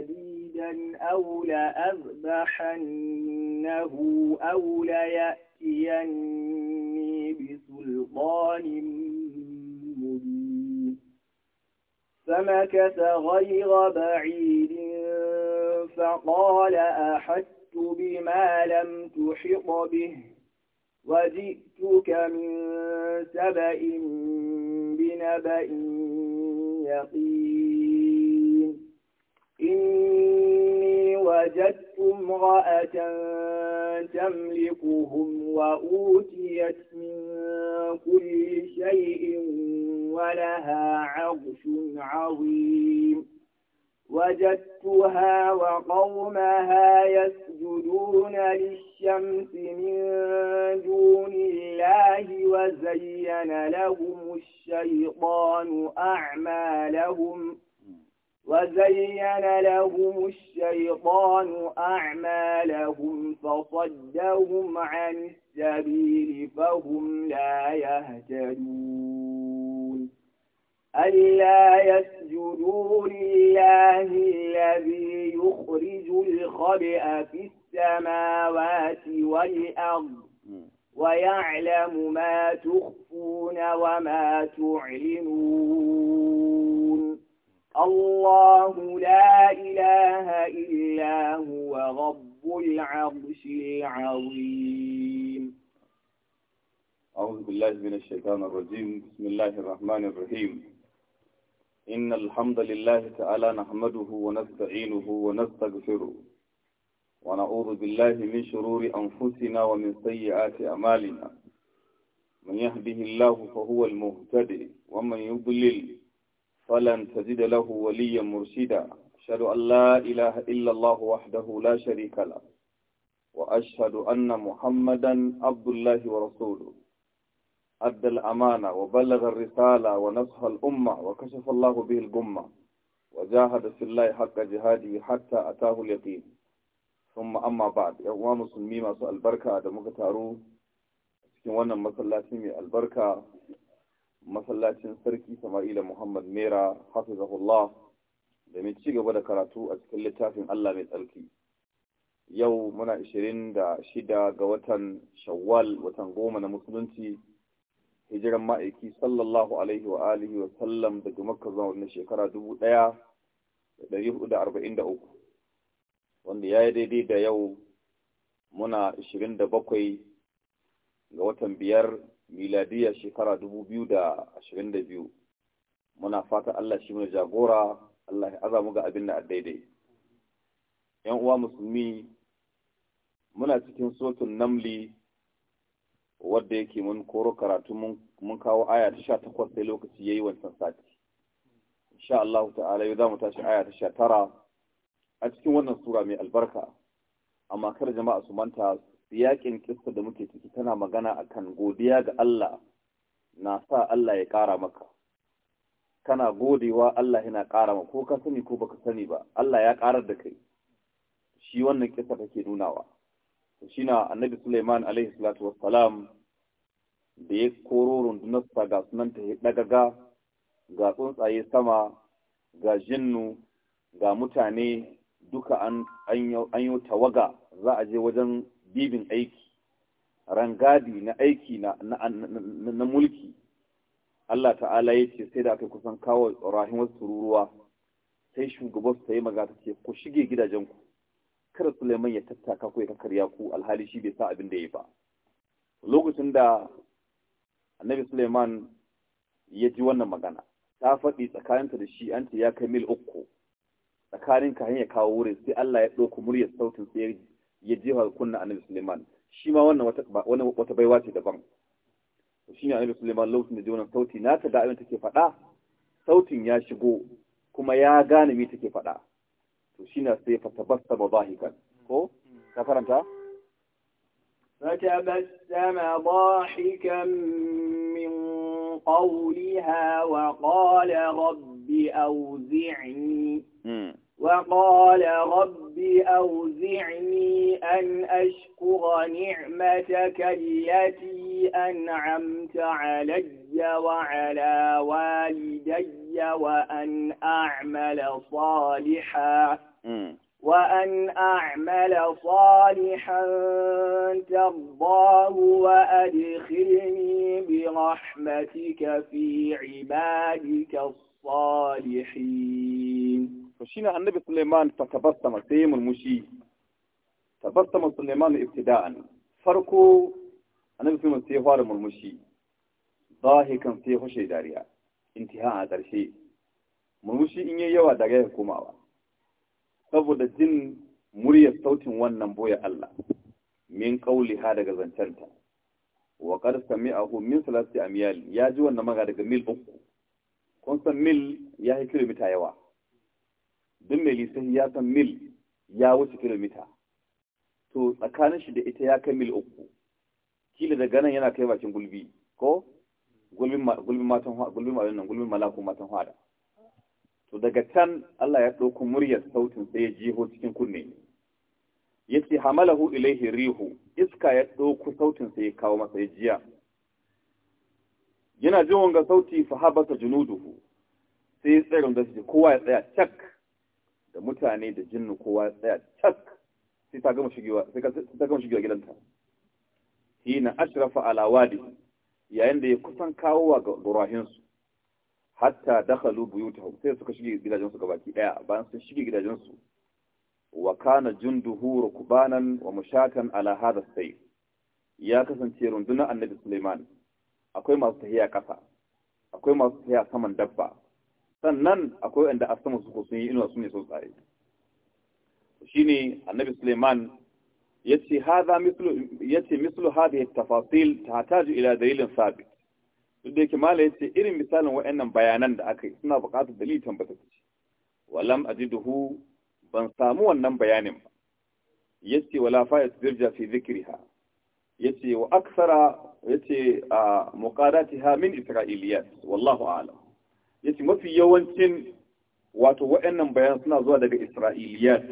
شديدا أو لأذبحنه أو ليأتيني بسلطان مبين فمكث غير بعيد فقال أحدت بما لم تحط به وجئتك من سبأ بنبأ يقين إني وجدت امرأة تملكهم وأوتيت من كل شيء ولها عرش عظيم وجدتها وقومها يسجدون للشمس من دون الله وزين لهم الشيطان أعمالهم ۖ وزين لهم الشيطان أعمالهم فصدهم عن السبيل فهم لا يهتدون ألا يسجدوا لله الذي يخرج الخبأ في السماوات والأرض ويعلم ما تخفون وما تعلنون الله لا إله إلا هو رب العرش العظيم أعوذ بالله من الشيطان الرجيم بسم الله الرحمن الرحيم إن الحمد لله تعالى نحمده ونستعينه ونستغفره ونعوذ بالله من شرور أنفسنا ومن سيئات أعمالنا من يهده الله فهو المهتدي ومن يضلل فلن تزيد له وليا مرشدا أشهد أن لا إله إلا الله وحده لا شريك له وأشهد أن محمدا عبد الله ورسوله أدى الأمانة وبلغ الرسالة ونصح الأمة وكشف الله به الجمة وجاهد في الله حق جهاده حتى أتاه اليقين ثم أما بعد يا مسلمين masu albarka da muka taro cikin wannan masallaci mai albarka masallacin sarki sama'ila muhammad mera hafizahullah da mai ci gaba da karatu a cikin littafin allah mai tsarki yau muna shida ga watan shawwal watan goma na musulunci hijiran ma'aiki sallallahu alaihi wa alihi wa sallam daga makka zuwa wannan shekara 1443 wanda ya yi daidai da yau muna 27 ga watan biyar miladiya shekara dubu biyu da ashirin da biyu muna fata Allah shi mai jagora Allah ya azamu ga abin da daidai yan uwa musulmi muna cikin sotun namli wadda yake mun koro karatu mun kawo aya ta sha takwas sai lokaci ya yi wancan sati insha Allah ta'ala yau za mu tashi aya ta sha tara a cikin wannan sura mai albarka amma kar jama'a su manta yakin kissa da muke ciki tana magana akan godiya ga Allah na sa Allah ya ƙara maka kana godewa Allah yana ƙara maka ko ka sani ko baka sani ba Allah ya ƙarar da kai shi wannan kissa take nunawa shi na annabi Sulaiman alaihi salatu wassalam da ya koro rundunarsa ga sunan ta dagaga ga tsuntsaye sama ga jinnu ga mutane duka an yi tawaga za a je wajen bibin aiki rangadi na aiki na mulki Allah ta'ala ya ce sai da aka kusan kawo rahim wasu tururuwa sai shugaban su ta yi maga ta ce ku shige gidajenku kada Suleiman ya tattaka ku ya karya ku alhali shi bai sa abin da ya ba lokacin da annabi Suleiman ya ji wannan magana ta faɗi tsakaninta da shi an ce ya kai mil uku tsakanin ka ya kawo wurin sai Allah ya ɗauku muryar sautin sai ya jefa kunna annabi Suleiman shi ma wannan wata wata baiwa ce daban shi ne annabi Suleiman lokacin da ji wannan sauti nata da abin take faɗa sautin ya shigo kuma ya gane me take faɗa to shi na sai fatabasta ba zahikan ko ka faranta فتبسم ضاحكا من قولها وقال رب أوزعني وقال رب أوزعني أن أشكر نعمتك التي أنعمت علي وعلى والدي وأن أعمل صالحا وأن أعمل صالحا ترضاه وأدخلني برحمتك في عبادك الصالحين to shine annabi Suleiman fa tabassama sai ya tabassama Suleiman ibtida'an farko annabi Suleiman sai ya fara murmushi zahikan sai ya fashe dariya intiha a ƙarshe murmushi in yayi yawa daga ya komawa saboda jin muryar sautin wannan boye Allah min ha daga zancenta wa qad sami'ahu min salati amyal ya ji wannan maga daga mil uku kun san mil ya yi kilomita yawa don mai lissafi ya san mil ya wuce kilomita to tsakanin shi da ita ya kai mil uku kila daga nan yana kai bakin gulbi ko gulbin matan gulbin malakun nan gulbin malaku matan hada to daga can Allah ya ɗauko muryar sautin sai ya jiho cikin kunne yace hamalahu ilaihi rihu iska ya ɗauko sautin sai ya kawo masa ya jiya yana jin wanga sauti fa habata junuduhu sai tsayin da shi kowa ya tsaya cak da mutane da jinnu kowa tsaya cak sai ta gama shigewa sai ta gama gidanta ashrafa ala wadi yayin da ya kusan kawo wa gurahin su hatta dakhalu buyutahum sai suka shige gidajen su gabaki daya bayan sun shige gidajen su wa kana junduhu rukbanan wa mushatan ala hadha sayf ya kasance rundunar annabi Suleiman. akwai masu tahiya kasa akwai masu tahiya saman dabba sannan akwai wanda a sama su sun yi inuwa su ne tsuntsaye shi ne annabi suleiman ya ce mislu hadhihi tafasil ta hataji ila dalilin sabi duk da yake mala ya ce irin misalin wa'annan bayanan da aka yi suna buƙatar dalilin tabbatacce walam ajiduhu ban samu wannan bayanin ba ce, wala fa'at birja fi Ya yace wa akthara yace muqadatiha min isra'iliyat wallahu a'lam yace mafi yawancin wato waɗannan bayan suna zuwa daga Isra'iliyat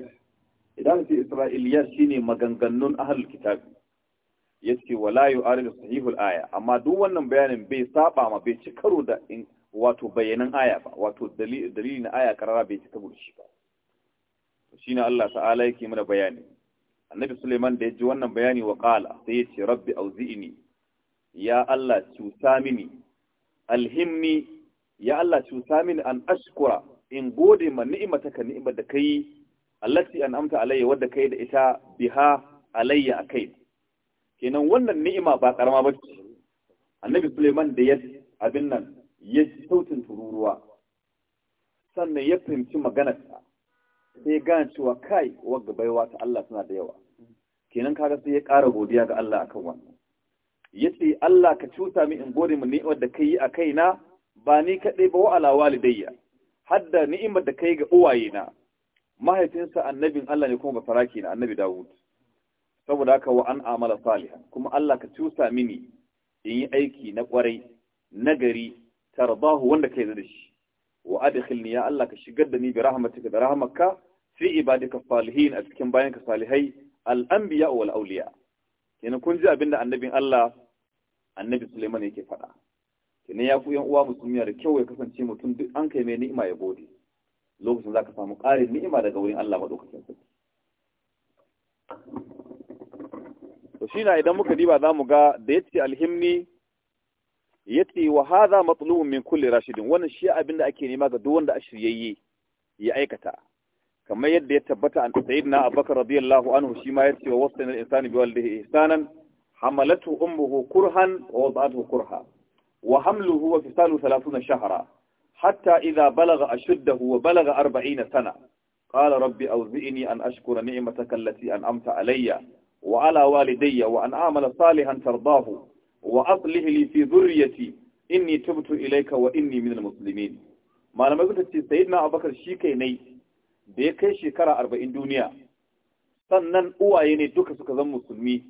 idan ce Isra'iliyat shine maganganun ahlul kitab yace wala yu'arid sahihul aya amma duk wannan bayanin bai saba ma bai ci karo da wato bayanan aya ba wato dalili na aya karara bai ci karo da shi ba shine Allah ta'ala yake mana bayani annabi Suleiman da ya ji wannan bayani wa qala sai yace rabbi auzi'ni ya Allah cuta mini alhimmi. ya Allah cusa min an ashkura in gode ma ka ni'imar da kai allati an'amta alayya wadda kai da ita biha alayya akai kenan wannan ni'ima ba karama ba ce annabi Suleiman da ya abin nan ya sautin tururuwa sannan ya fahimci ta. sai ya gane cewa kai wagga baiwa ta Allah suna da yawa kenan kaga sai ya ƙara godiya ga Allah akan wannan yace Allah ka cuta min in gode mu ni'imar da kai a kaina ba ni kaɗai ba wa'ala walidayya hadda ni'imar da kai ga uwaye na mahaifinsa annabin Allah ne kuma bafaraki na annabi Dawud saboda haka wa an amala saliha kuma Allah ka cusa mini in yi aiki na kwarai nagari tardahu wanda kai da shi wa adkhilni ya Allah ka shigar da ni bi rahmatika da rahmatka fi ibadika salihin a cikin bayan ka salihai al-anbiya wal awliya kenan kun ji abinda annabin Allah annabi Sulaiman yake faɗa kenan ya fi yan uwa musulmi da kyau ya kasance mutum duk an kai mai ni'ima ya gode lokacin ka samu ƙarin ni'ima daga wurin Allah madaukakin sarki to shi na idan muka diba zamu ga da yace alhimni yace wa hadha matlubun min kulli rashidin wannan shi abin da ake nema ga duk wanda a shiryayye ya aikata kamar yadda ya tabbata an sayyidina abubakar radiyallahu anhu shi ma yace wa wasana al-insani bi walidihi ihsanan hamalatu ummuhu kurhan wa wada'atuhu kurha wa hamluhu wa fisalu 30 shahara. hatta idha balagha ashuddahu wa balagha 40 sana qala rabbi awzi'ni an ashkura ni'mataka allati an'amta alayya wa ala walidayya wa an a'mala salihan tardahu wa aslih li fi dhurriyyati inni tubtu ilayka wa inni minal muslimin malamai suka ce sayyidina abubakar shi kai ne da ya kai shekara arba'in duniya sannan uwaye ne duka suka zama musulmi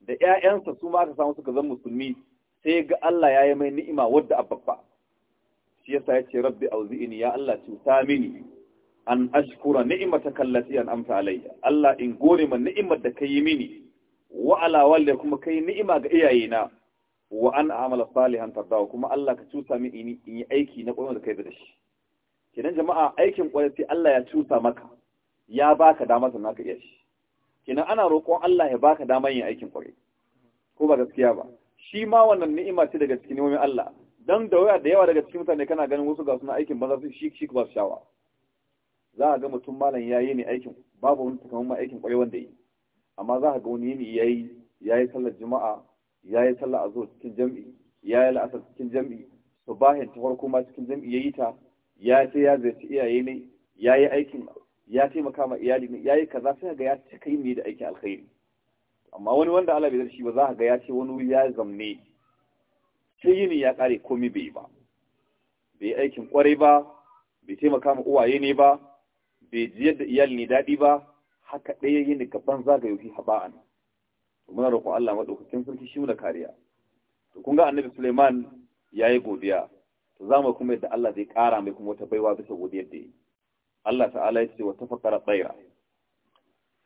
da 'ya'yansa su ma aka samu suka zama musulmi sai ga Allah ya yi mai ni'ima wadda abba shi yasa ya ce rabbi auzi'ini ya Allah cuta mini an ashkura ta kallasi an amsa alayya Allah in gore ma ni'imar da ka yi mini wa alawar da kuma yi ni'ima ga iyayena wa an amala salihan tardawa kuma Allah ka cuta min in yi aiki na koyon da kai da shi Kinan jama'a aikin kwarai sai Allah ya cuta maka ya baka damar sannan ka iya shi kenan ana roƙon Allah ya baka damar yin aikin kwarai ko ba gaskiya ba shi ma wannan ni'ima ce daga cikin nemomin Allah dan da waya da yawa daga cikin mutane kana ganin wasu ga suna aikin banza shi shi ba su shawa za a ga mutum malam yayi ne aikin babu wani ma aikin kwarai wanda yi amma za ka ga wani yini yayi yayi sallar juma'a yayi sallar azhar cikin jami'i yayi la'asar cikin jami'i subahin ta farko ma cikin jami'i yayi ta ya ce ya zai iyaye ne yayi aikin ya taimaka ma iyali ne yayi kaza sai ga ya cika yi da aikin alkhairi amma wani wanda Allah bai shi ba za ka ga ya ce wani ya zamne sai yini ya kare komai bai ba bai aikin kwarai ba bai taimaka ma uwaye ne ba bai ji yadda iyali ne daɗi ba haka ɗaya yini gaban zagaye fi haba'an muna roƙon Allah maɗaukakin sarki shi muna kariya to kun ga annabi Suleiman yayi godiya to za mu kuma yadda Allah zai ƙara mai kuma wata baiwa bisa godiyar da yi Allah ta'ala ya ce wa tafakara tsaira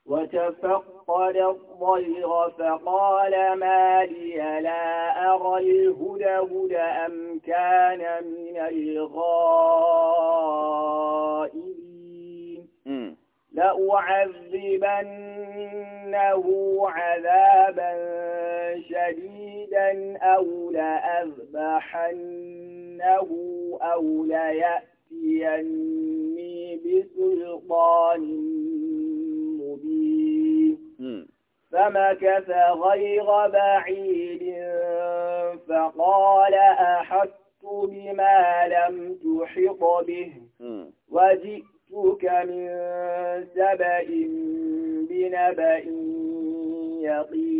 وتفقد الضيغ فقال ما لي لا أرى الهدهد أم كان من الغائبين لأعذبنه عذابا شديدا أو لأذبحنه أو ليأتيني بسلطان فمكث غير بعيد فقال أحط بما لم تحط به وجئتك من سبأ بنبأ يقين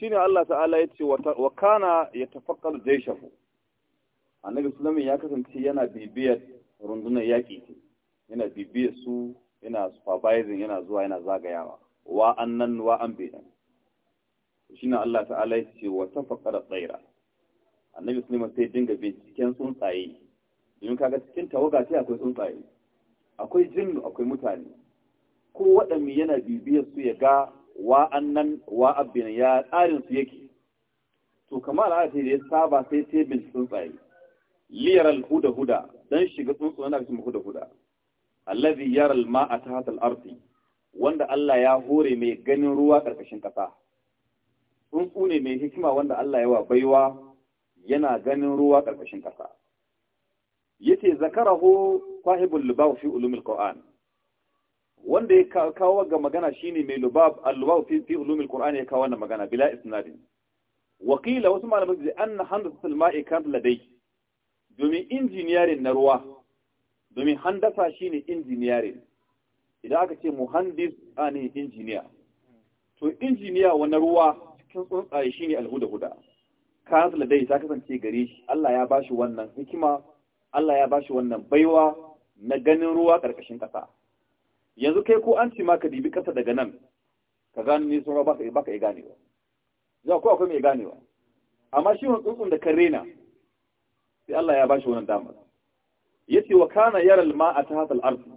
shine Allah ta'ala ya ce wa kana ya tafakkar jaishahu annabi sulaiman ya kasance yana bibiyar rundunar yaƙi yana bibiyar su yana supervising yana zuwa yana zagayawa wa annan wa an shi na Allah ta'ala ya ce wa da tsaira annabi sulaiman sai dinga binciken tsuntsaye domin kaga cikin tawaga sai akwai tsuntsaye akwai jinnu akwai mutane ko waɗanne yana bibiyar su ya ga wa annan wa abin ya tsarin su yake to kamar al'ada da ya saba sai sai binciken tsuntsaye liyar al-huda huda dan shiga tsuntsu na cikin huda huda allazi yara al-ma'a tahta al-ardi wanda Allah ya hore mai ganin ruwa ƙarƙashin ƙasa. Tsuntsu ne mai hikima wanda Allah ya wa baiwa yana ganin ruwa ƙarƙashin ƙasa. Ya ce Yace ho, sahibul lubab fi ulumil Qur'an. Wanda ya kawo ga magana shine mai lubab al-lubab fi ulumil Qur'an ya kawo wannan magana bila isnadin. Wakila wasu malamai da anna handatul ma'i kan ladai. Domin injiniyarin na ruwa. Domin handasa shine injiniyarin. idan aka ce muhandis ainihin injiniya to injiniya wani ruwa cikin tsuntsaye shine alhuda-huda kansu da dai ta kasance gare shi Allah ya bashi wannan hikima Allah ya bashi wannan baiwa na ganin ruwa ƙarƙashin ƙasa yanzu kai ko an ce ma ka dibi ƙasa daga nan ka gano ne sun baka baka gane ganewa za ku akwai mai ganewa amma shi wani tsuntsun da kan rena sai Allah ya bashi wannan damar yace wa kana yaral al-ma'a ta al-ardh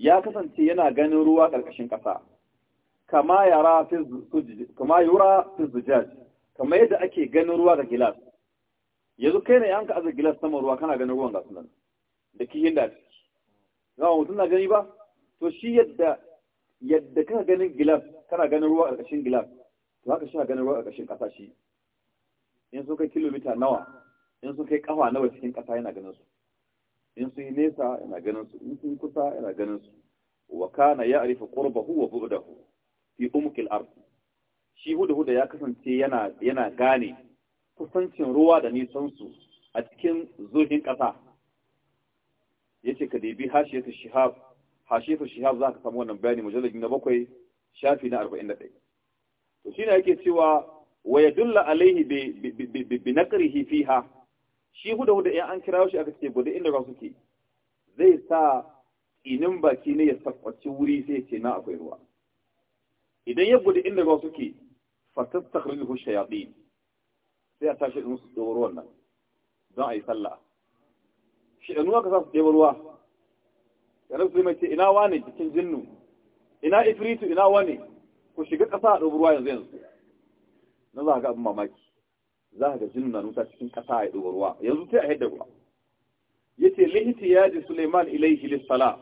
ya kasance yana ganin ruwa ƙarƙashin ƙasa kama yara fi zujaj kama yadda ake ganin ruwa ga gilas yanzu kai ne yanka ka aza gilas saman ruwa kana ganin ruwan gasu nan da kihin da ciki zama mutum na gani ba to shi yadda yadda kana ganin gilas kana ganin ruwa ƙarƙashin gilas to haka shi ganin ruwa ƙarƙashin ƙasa shi in sun kai kilomita nawa in sun kai ƙafa nawa cikin ƙasa yana ganin su in sun yi nesa ina ganin su in sun kusa ina ganin su wa kana arifa qurbahu wa bu'dahu fi umqil ard shi huda huda ya kasance yana yana gane kusancin ruwa da nisan su a cikin zurfin kasa yace ka debi hashiyatu shihab hashiyatu shihab za ka samu wannan bayani mujallad na bakwai shafi na 41 to shine yake cewa wa yadulla alaihi bi bi bi naqrihi fiha shi huda huda in an kira shi aka ce gudu inda ruwa suke zai sa inin baki ne ya sakwaci wuri sai ya ce na akwai ruwa idan ya gudu inda ruwa suke fatas takhrij hu shayatin sai a tashi in su dawo ruwan nan don a yi sallah shi da nuwa ka sa su dawo ruwa yaran su mai ce ina wane cikin jinnu ina ifritu ina wane ku shiga kasa a dawo ruwa yanzu yanzu na za ka ga abin mamaki za ka ga nuna na nusa cikin ƙasa ya ɗuwa ruwa yanzu sai a haidda ruwa ya ce lihiti ya ji suleiman ilai hilis Sala,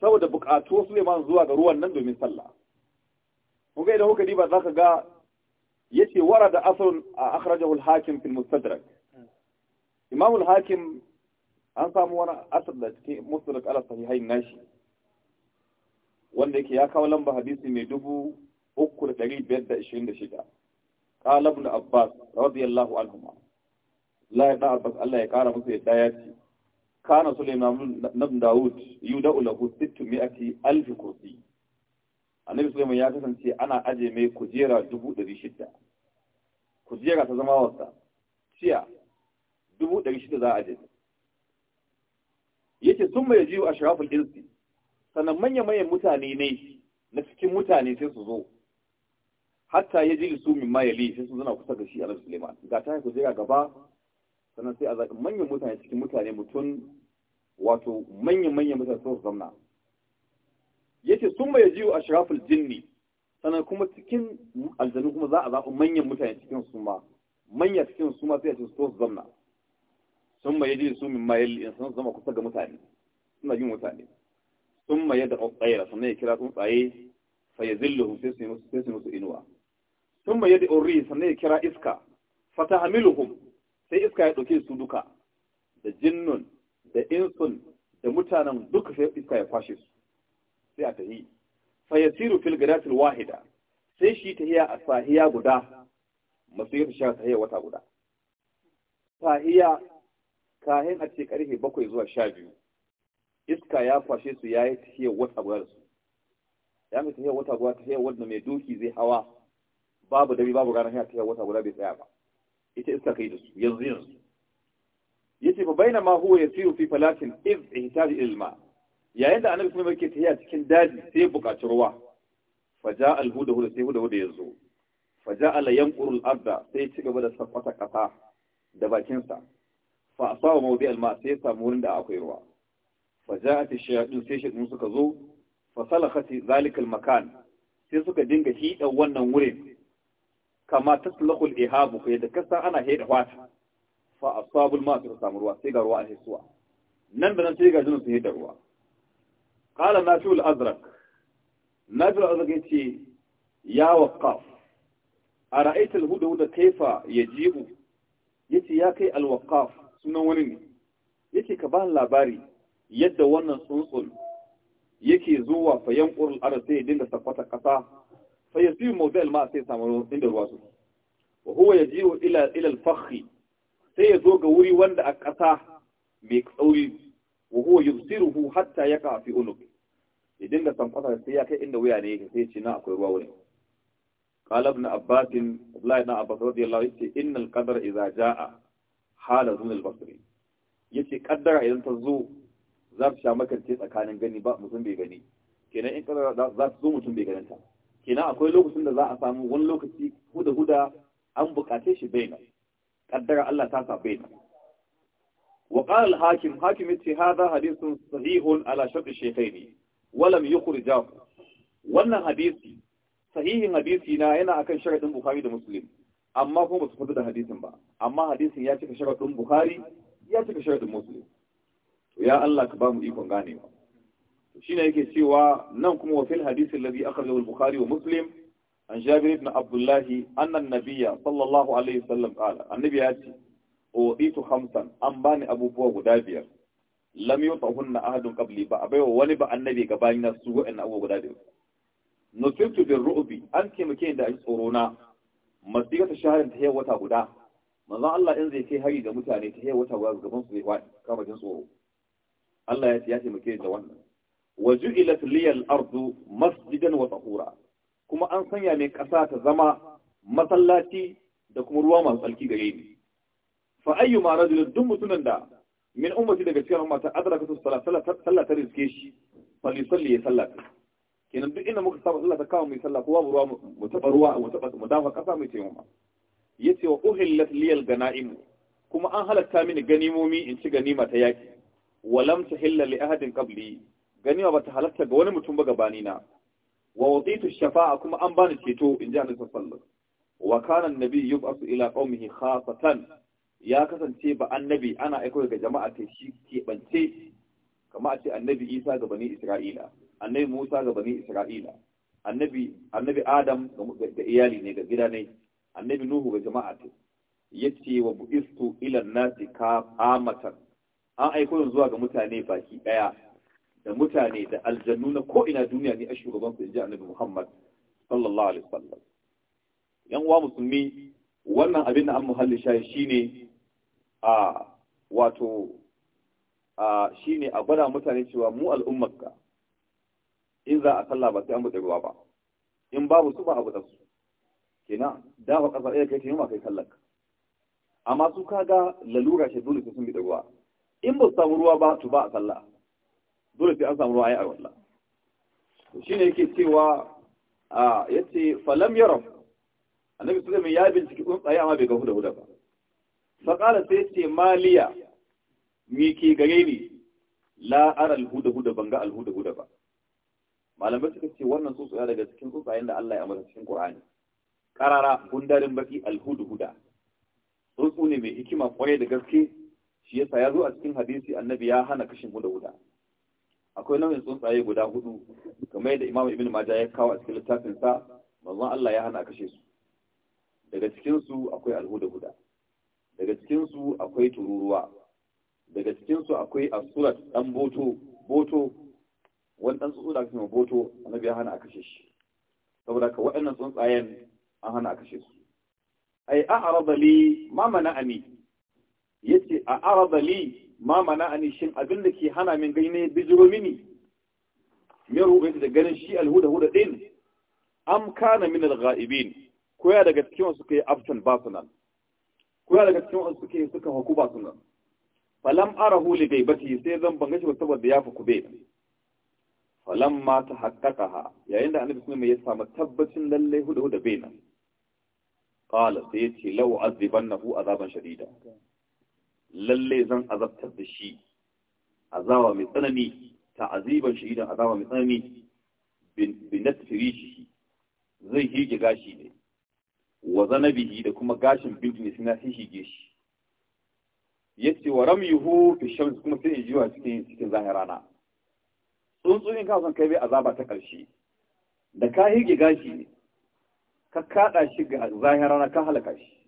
saboda buƙatu suleiman zuwa ga ruwan nan domin sallah Mun ga idan kuka diba za ka ga ya ce wara da asarun a akhraja hulhakin hakim fil mustadrak imam hulhakin hakim an samu wani asar da cikin mustadrak ala hain nashi wanda yake ya kawo lamba hadisi mai dubu uku da ɗari biyar da ishirin da shida Abbas, قال ابن عباس رضي الله عنهما لا ابن عباس الله يقال مصر يداياتي كان سليمان بن داود يودع له 600 ألف كرسي annabi Sulaiman ya kasance ana aje mai kujera dubu ɗari shida kujera ta zama wasa ciya dubu ɗari shida za a aje yake sun mai jiwo a shirafin insi sannan manya-manyan mutane ne na cikin mutane sai su zo hatta ya jiri su min mayali sai sun zana kusa da shi annabi Suleiman ga ta ku jira gaba sannan sai a zaɓi manyan mutane cikin mutane mutum wato manyan manyan mutane sun zamna ce sun mai jiwo shirafin jinni sannan kuma cikin aljanu kuma za a zaɓi manyan mutane cikin su ma manya cikin su ma sai a ce su zamna sun mai jiri su min mayali in sun zama kusa ga mutane suna yin mutane sun mai yadda tsaira sannan ya kira tsuntsaye fa yazilluhum sai su yi musu inuwa sun mai yadda ori sannan ya kira iska fata hamiluhum sai iska ya ɗauke su duka da jinnun da insun da mutanen duka sai iska ya kwashe su sai a tahi fa yasiru fil gadatil wahida sai shi tahiya a sahiya guda Masu masir sha tahiya wata guda sahiya kahin a ce karfe bakwai zuwa sha biyu iska ya kwashe su ya yi tahiyar wata guda da su ya mai tahiyar wata guda tahiyar wanda mai doki zai hawa babu dare babu ranar yana tafiya wata guda bai tsaya ba ita iska kai da su yanzu yanzu yace fa baina ma huwa yasiru fi falatin iz ihtaji ila alma yayin da annabi sallallahu alaihi wasallam yake tafiya cikin daji sai buƙaci ruwa faja alhuda huda sai huda huda yanzu. faja ala yanquru al-arda sai ci gaba da sakwata kasa da bakinsa fa asawa mawdi al-ma sai samu wurin da akwai ruwa faja'at ash-shayatin sai shaytan suka zo fa salakhat zalika al-makan sai suka dinga hidan wannan wurin kama taslahul ihabu kai da kasa ana heda fata fa sabul ma suka samu ruwa sai ga ruwa a hisuwa nan da nan sai ga jinin su heda ruwa na nafiul azrak nafiul azrak ce ya A ra'aitar hudu alhudhuda kaifa ji ku. ya ce ya kai alwaqaf sunan wani ne Ya ce ka ba labari yadda wannan tsuntsun yake zuwa fayan ƙurul ard sai dinga safata ƙasa. fa yasiru mawdal ma sai samu inda ruwa su wa huwa yajiu ila ila al-fakhi sai ya zo ga wuri wanda a ƙasa mai tsauri wa huwa yubsiruhu hatta yaqa fi unuq ya dinga sankwasa sai ya kai inda wuya ne yake sai ya ce na akwai ruwa قال ابن عباس Abdullahi بن عباس رضي الله عنه إن القدر إذا جاء حال ذن البصري yace kaddara idan ta zo za sha makance tsakanin gani ba mutum bai gani kenan in kaddara za ta zo mutum bai ganin ta kenan akwai lokacin da za a samu wani lokaci huda huda an bukace shi bai kaddara Allah ta sa bai wa qala al hakim hakim yace hadha hadithun sahihun ala shart shaykhaini wa lam yukhrijahu wannan hadisi sahihin hadisi na yana akan sharadin bukhari da muslim amma kuma basu fada da hadisin ba amma hadisin ya cika sharadin bukhari ya cika sharadin muslim ya Allah ka ba mu ikon ganewa ne yake cewa nan kuma wa fil hadith alladhi akhrajahu al-bukhari wa muslim an jabir ibn Abdullahi anna an-nabiyya sallallahu alaihi wasallam qala annabi ya ce uwitu khamsan an bani abubuwa guda biyar lam na ahadun qabli ba a abai wani ba annabi gabani na su wa'annan abubuwa guda biyar nusitu bin ru'bi an taimake da ai tsoro na masigata shaharin ta yayin wata guda manzo Allah in zai kai hari ga mutane ta yayin wata guda gaban su zai kamar kama jin tsoro Allah ya ce ya taimake da wannan wa ju'ilat liyal ardu masjidan wa tahura kuma an sanya mai ƙasa ta zama masallaci da kuma ruwa masu tsalki gare ni fa ayyuma rajulun duk mutumin da min ummati daga cikin ummata adraka su sallah ta riske shi fali salli ya sallata kenan duk inda muka saba sallah ta kawo mai sallah kowa ruwa mu taba ruwa mu taba mu dafa kasa mai taimama yace wa uhillat liyal ganaim kuma an halatta mini ganimomi in ci ganima ta yaki walam tahilla li ahadin qabli ganima bata halarta ga wani mutum ba gabani na wa waditu shafa'a kuma an bani ceto inji annabi sallallahu wa kana annabi yub'athu ila qaumihi khafatan ya kasance ba annabi ana aiko ga jama'a ta shi keɓance kama a ce annabi isa ga bani isra'ila annabi musa ga bani isra'ila annabi annabi adam ga iyali ne ga gida ne annabi nuhu ga jama'a ta yace wa bu'istu ila nasi ka amatan an aiko zuwa ga mutane baki daya da mutane da aljannu na ko'ina duniya ne a shugaban su inji annabi Muhammad sallallahu alaihi wasallam yan uwa musulmi wannan abin da an muhalli shayi shine a wato a shine a gwada mutane cewa mu al'ummarka in za a sallah ba sai an buɗe ruwa ba in babu su ba a buɗe su Kina, dawa ƙasa ɗaya kai taimaka kai sallarka amma su kaga lalura shi dole su sun buɗe ruwa in ba su samu ruwa ba to ba a sallah dole sai an samu ruwa a wallah shi ne yake cewa ya ce falam yaro annabi su mai ya binciki tsaya amma bai ga huda huda ba faƙala sai ce maliya mi ke gare ni la'ar alhuda huda banga alhuda huda ba malamai suka ce wannan tsaye daga cikin tsuntsayen da Allah ya amurka cikin Qur'ani karara gundarin baki alhuda huda tsuntsu ne mai hikima kwarai da gaske shi yasa ya zo a cikin hadisi annabi ya hana kashin huda huda akwai nau'in tsuntsaye guda hudu kamar yadda imamu Ibn Majah ya kawo a cikin littafin sa manzon Allah ya hana a kashe su daga cikin su akwai alhuda guda daga cikin su akwai tururuwa daga cikin su akwai asurat dan boto boto wani dan tsuntsu da kuma boto annabi ya hana a kashe shi saboda ka waɗannan tsuntsayen an hana a kashe su ai a'rada li ma mana'ani yace a'rada li ma mana ani shin abin da ke hana min gani ne bijiro mini min ru'ayta da ganin shi alhuda huda din am kana min al ko ya daga cikin wasu kai absent ba nan ko ya daga cikin wasu kai suka haku ba sunan falam arahu li gaibati sai zan ban gashi ba saboda ya fi kube falam ma ta ha yayin da annabi sallallahu ya samu tabbacin lalle huda huda bai nan qala sai ya ce law azibannahu azaban shadida lalle zan azabtar da shi azaba mai tsanani ta aziban shi idan azaba mai tsanani bi natfiri shi zai hige gashi ne wa zanabihi da kuma gashin business na hige shi yace wa ramyuhu fi shams kuma sai in jiwa cikin cikin zahirana tsuntsunin ka san kai bai azaba ta karshe da ka hige gashi ne ka kada shi ga na ka halaka shi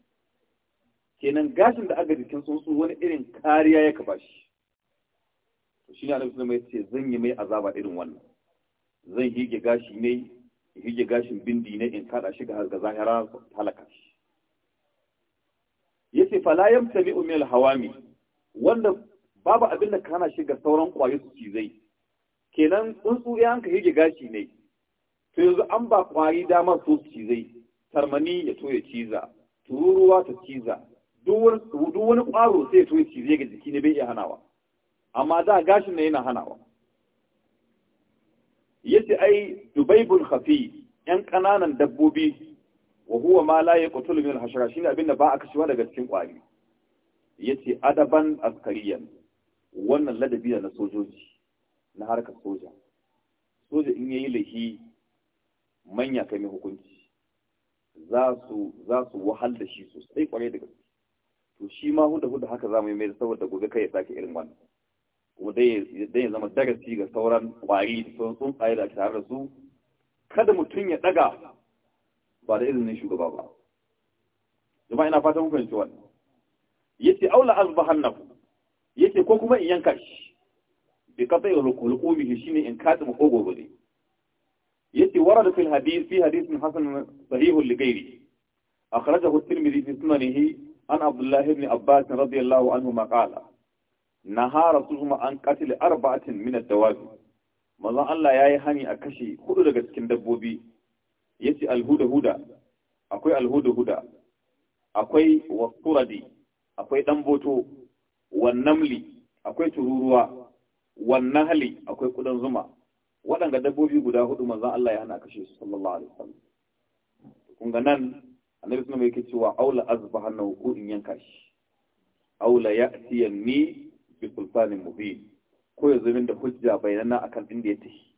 kenan gashin da aka jikin tsuntsu wani irin kariya ya kafa shi shi ne annabi mai ce zan yi mai azaba irin wannan zan hige gashi ne hige gashin bindi ne in kada shi ga zahira halaka shi yace fala yamtami umil hawami wanda babu abin da kana shi ga sauran kwayo su cizai kenan tsuntsu ya hanka hige gashi ne to yanzu an ba kwari damar su cizai tarmani ya to ya ciza tururuwa ta ciza duk wani ƙwaro sai ya toye cizai ga jiki ne bai iya hanawa amma da gashin na yana hanawa Ya ce ai dubaibul hafi yan ƙananan dabbobi wa huwa ma laye yaqtul min hashara shi ne abin da ba a kashewa daga cikin ƙwari Ya ce adaban askariyan wannan ladabi na sojoji na harkar soja soja in yayi lahi manya kai mai hukunci za su wahal da shi sosai kwarai da gaske to shi ma huda huda haka za mu yi mai saboda gobe kai ya sake irin wannan kuma dai ya zama darasi ga sauran kwari da sauran tsuntsaye da tare da su kada mutum ya daga ba da izinin shugaba ba jama'a ina fatan kun fahimci wannan yace aula azbahannahu yace ko kuma in yanka shi bi qumi shi ne in katsi makogo gobe yace warada fil hadith fi hadith hasan sahih li ghairi akhrajahu at-tirmidhi fi sunanihi an abdullahi ibn abbas radiyallahu anhu maqala naha zuma an qatl arba'atin min ad-dawab manzon Allah yayi hani a kashe hudu daga cikin dabbobi yace alhuda huda akwai alhuda huda akwai wasuradi akwai boto wannamli akwai tururuwa wannahli akwai kudan zuma waɗanga dabbobi guda hudu manzon Allah ya hana kashe su sallallahu alaihi wasallam kun ga nan annabi suna mai yake cewa aula azbahan na in yanka shi aula ya siyan ni bi sultanin mubi ko ya zumin da hujja bayanana akan inda ya tafi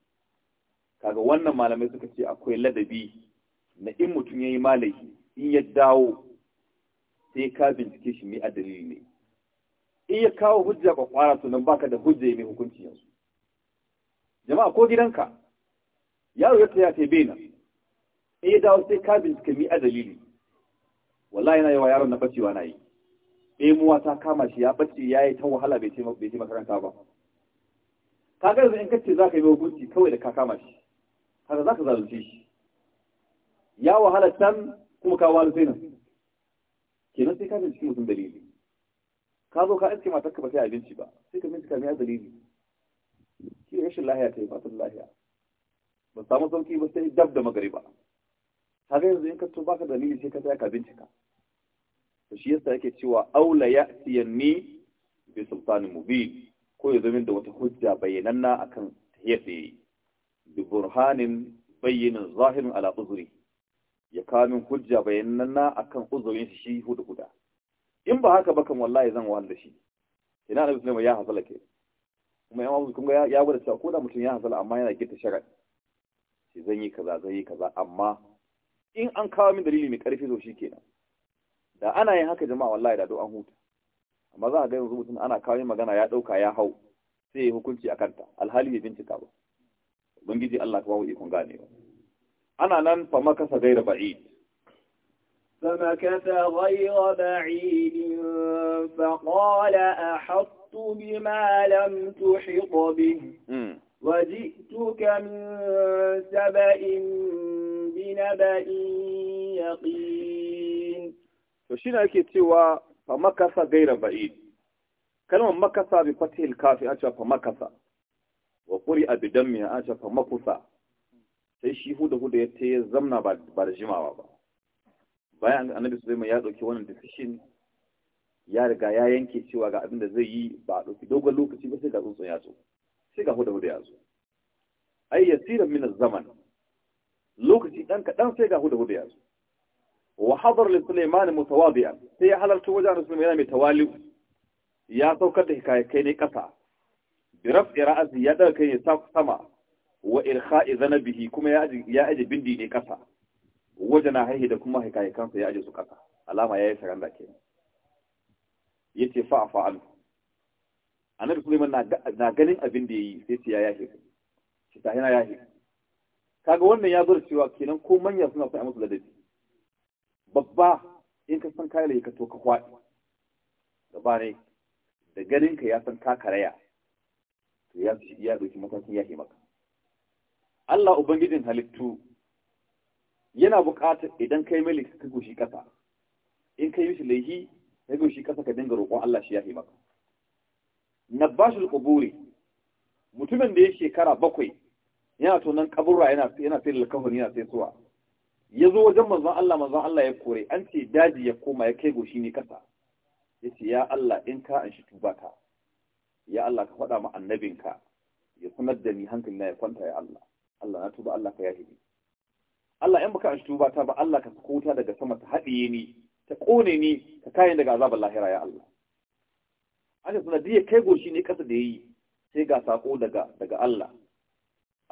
kaga wannan malamai suka ce akwai ladabi na in mutum ya yi malayi in ya dawo sai ka bincike shi mai a dalili ne in ya kawo hujja ba kwara sunan baka da hujja mai hukunci yanzu jama'a ko gidanka yaro ya tsaya ta bena in ya dawo sai ka bincike mai a dalili wallahi yana yawa yaron na bacewa na yi ɗemuwa ta kama shi ya bace ya yi ta wahala bai ce makaranta ba ka ga yanzu in kace za ka yi hukunci kawai da ka kama shi haka za ka zalunce shi ya wahala can kuma ka wahala sai nan kenan sai ka binciki mutum dalili ka zo ka iske matarka ba ta yi abinci ba sai ka bincika mai dalili shi rashin lahiya ta yi fatan lahiya ba samu sauki ba sai dab da magariba haka yanzu in ka to baka dalili sai ka tsaya ka bincika to shi yasa yake cewa aula ni bi sultanin mubin ko ya zama da wata hujja bayyananna akan tayyade bi burhanin bayyinin zahirin ala uzuri ya kamin hujja bayyananna akan uzurin shi huda huda in ba haka ba kan wallahi zan wahal da shi ina annabi sallama ya hasala ke kuma ya mamu kun ga ya gwada cewa ko da mutum ya hasala amma yana gita shari'a sai zan yi kaza zan yi kaza amma in an kawo min dalili mai karfi to kenan da ana yin haka jama'a wallahi da do an huta amma za a ga yanzu mutum ana kawo magana ya dauka ya hau sai ya hukunci a kanta alhali ya bincika ba ubangiji Allah ka bawo ikon ba ana nan fa makasa gaira ba'id فمكث غير بعيد فقال أحط بما لم تحط به وجئتك من سبأ بنبأ يقين to shi ne ake cewa fa makasa gaira ba'id kalmar makasa bi fatihil kafi an fa makasa wa quri abidan min cewa fa makusa sai shi huda huda ya ta zamna ba da jimawa ba bayan annabi sulaiman ya dauki wannan decision ya riga ya yanke cewa ga abin da zai yi ba a dauki dogon lokaci ba sai ga tsuntsun ya zo sai ga huda huda ya zo ai yasiran min zaman lokaci dan kadan sai ga huda huda ya zo وحضر لسليمان متواضعا هي mutawadi'an sai ya halarta wajen Sulaiman mai tawali'u. ya saukar da hikayakai ne kasa ساق سما ra'si ya daga kai sama wa irkha'i zanabihi kuma ya ya bindi ne kasa wajen haihi da kuma hikayakansa ya aje su kasa alama yayi saranda kenan yace fa fa'al annabi na ganin sai ya kaga wannan ya zo cewa kenan ko manya suna son a musu ladabi babba in ka san kayan ka to ka kwaɗi gaba ne da ganin ka ya san ka karaya to ya ya ɗauki matakin ya maka Allah ubangijin halittu yana buƙatar idan kai mai ka goshi ƙasa in kai mishi laihi ka goshi ƙasa ka dinga roƙon Allah shi ya maka nabashul quburi mutumin da ya shekara bakwai yana tunan kaburra yana yana sai lakahun yana sai suwa ya zo wajen manzon Allah manzon Allah ya kore an ce daji ya koma ya kai goshi ne kasa ya ce ya Allah in ka an shi tuba ka ya Allah ka faɗa ma annabinka ya sanar da ni hankali na ya kwanta ya Allah Allah na tuba Allah ka ya hibi Allah in baka an shi tuba ta ba Allah ka sako wuta daga sama ta haɗiye ni ta ƙone ni ka kayan daga azabar lahira ya Allah aka ya kai goshi ne kasa da ya yi, sai ga sako daga daga Allah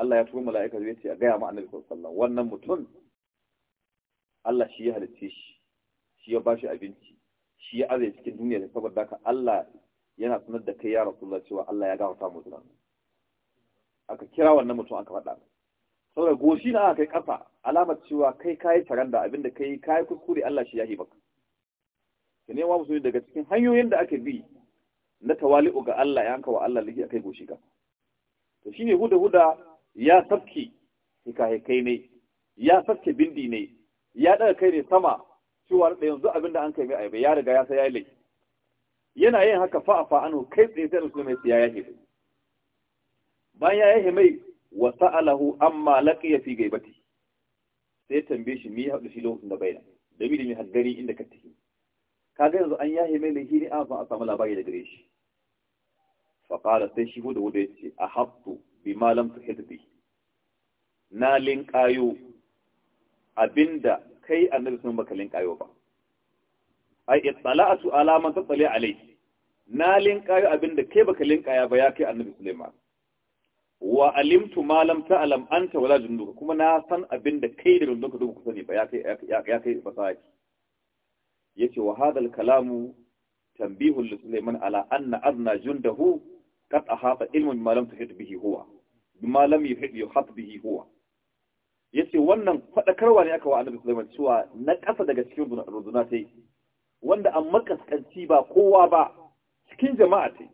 Allah ya tuba mala'ika zai ce a gaya ma annabi sallallahu alaihi wannan mutum Allah shi ya halitta shi shi ya bashi abinci shi ya azai cikin duniya da saboda haka Allah yana sanar da kai ya Rasulullah cewa Allah ya gafarta mu zuwa aka kira wannan mutum aka faɗa saboda goshi na aka kai kafa alamar cewa kai kai taranda abinda kai kai kuskure Allah shi ya yi maka. ka nema musu daga cikin hanyoyin da ake bi na tawali'u ga Allah yanka wa Allah liki akai goshi ka to shine huda huda ya sabki kai kai ne ya sabke bindi ne ya daga kai ne sama cewa da yanzu abinda an kai mai ayaba ya riga ya sai ya laifi yana yin haka fa a anhu kai tsaye sai rasu mai ya yi yahe bayan ya yi mai wa sa'alahu amma ya fi gaibati sai ya tambaye shi me haɗu shi lokacin da bai da bi da mi haɗari inda ka tafi ga yanzu an yahe mai laifi ne an a samu labari da gare shi fa sai shi hudu hudu a ahabtu bi malam tuhit bi na linkayo abinda kai annabi sun baka linƙayo ba ai ittala'atu ala man tattali alayhi na linkayo abinda kai baka linƙaya ba ya kai annabi Sulaiman wa alimtu ma lam ta'lam anta wala junduka kuma na san abinda kai da rundunka duka ku sani ba ya kai ya kai basaki yace wa hadal kalamu tanbihun li Sulaiman ala anna azna jundahu qad ahata ilmun ma lam tuhit bihi huwa bima lam yuhit yuhat bihi huwa Ya ce wannan faɗakarwa ne aka wa annabi Sulaiman cewa na ƙasa daga cikin ruduna ta yi wanda an makaskanci ba kowa ba cikin jama'a ta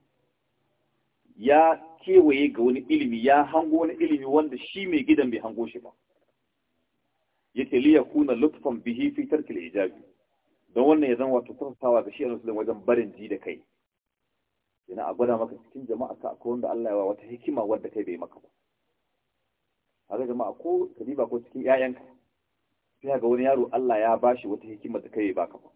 ya kewaye ga wani ilimi ya hango wani ilimi wanda shi mai gidan bai hango shi ba yace li yakuna lutfan bihi fi tarki al-ijabi don wannan ya zama wato tsafawa ga shi annabi Sulaiman wajen barin ji da kai yana a gwada maka cikin jama'a ka akwai wanda Allah ya wa wata hikima wadda kai bai maka ba haka jama'a ko ka diba ko cikin ƴaƴanka sai ga wani yaro Allah ya bashi wata hikima da kai baka ba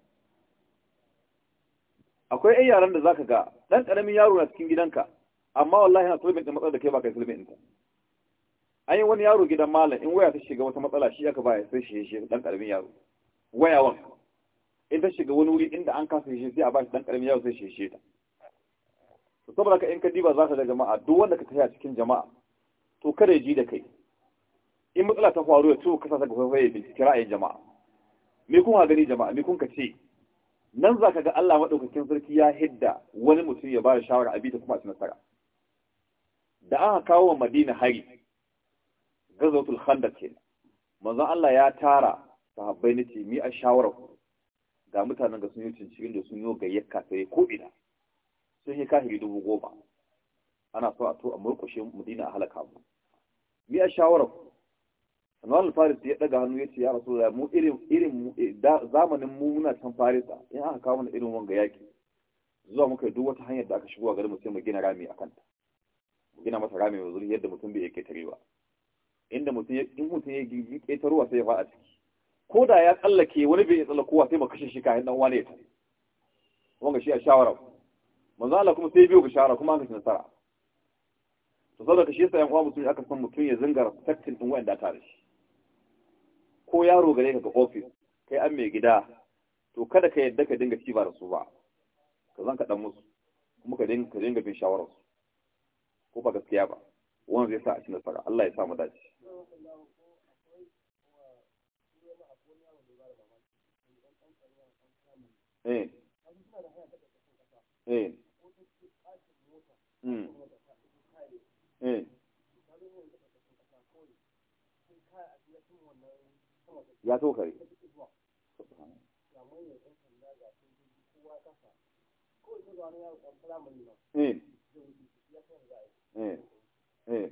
akwai ai yaran da zaka ga dan karamin yaro na cikin gidanka amma wallahi na kullum da matsalar da kai baka sulbin ɗinta an yi wani yaro gidan malam in waya ta shiga wata matsala shi aka baya sai shi shi dan karamin yaro waya wan in ta shiga wani wuri inda an kasa shi sai a bashi dan karamin yaro sai shi shi ta to saboda ka in ka diba zaka ga jama'a duk wanda ka a cikin jama'a to kada ji da kai in matsala ta faru ya tuwo kasa ta gaba ya bincike ra'ayin jama'a me kun gani jama'a me kun ka ce nan za ka ga Allah maɗaukakin sarki ya hidda wani mutum ya ba da shawara a bita kuma a ci nasara da aka kawo wa madina hari gazatul khandaq ke manzon Allah ya tara sahabbai nace mi a shawara ga mutanen ga sun yi cincirin da sun yi gayyaka sai ko ina sun yi kahiri dubu goma ana so a to a murkushe madina a halaka mu mi a shawara Salman Faris ya daga hannu ya ce ya rasu da mu irin irin eh, zamanin mu muna can Farisa in aka kawo mana irin wanga yaki zuwa muka duk wata hanyar da aka shigo a garin mu sai mu gina rami akan ta mu gina masa rami mai zurfi yadda mutum bai yake tarewa inda mutum ya in mutum ya ƙetarowa sai ya faɗa ciki ko da ya tsallake wani bai tsalla kowa sai ba kashe shi kayan dan wani ya tare wanga shi a shawara manzo Allah kuma sai biyo ga shawara kuma an nasara to saboda shi yasa yan uwa mutum aka san mutum ya zingara tattin din wanda tare shi ko yaro gare ka ga ofis kai an mai gida to kada ka yadda ka dinga ciba da su ba ka zan kaɗan musu kuma ka dinga dinga bin su ko ba gaskiya ba wannan zai sa a cikin nasara Allah ya sa mu dace eh eh hmm. eh ya so kare eh. eh. eh.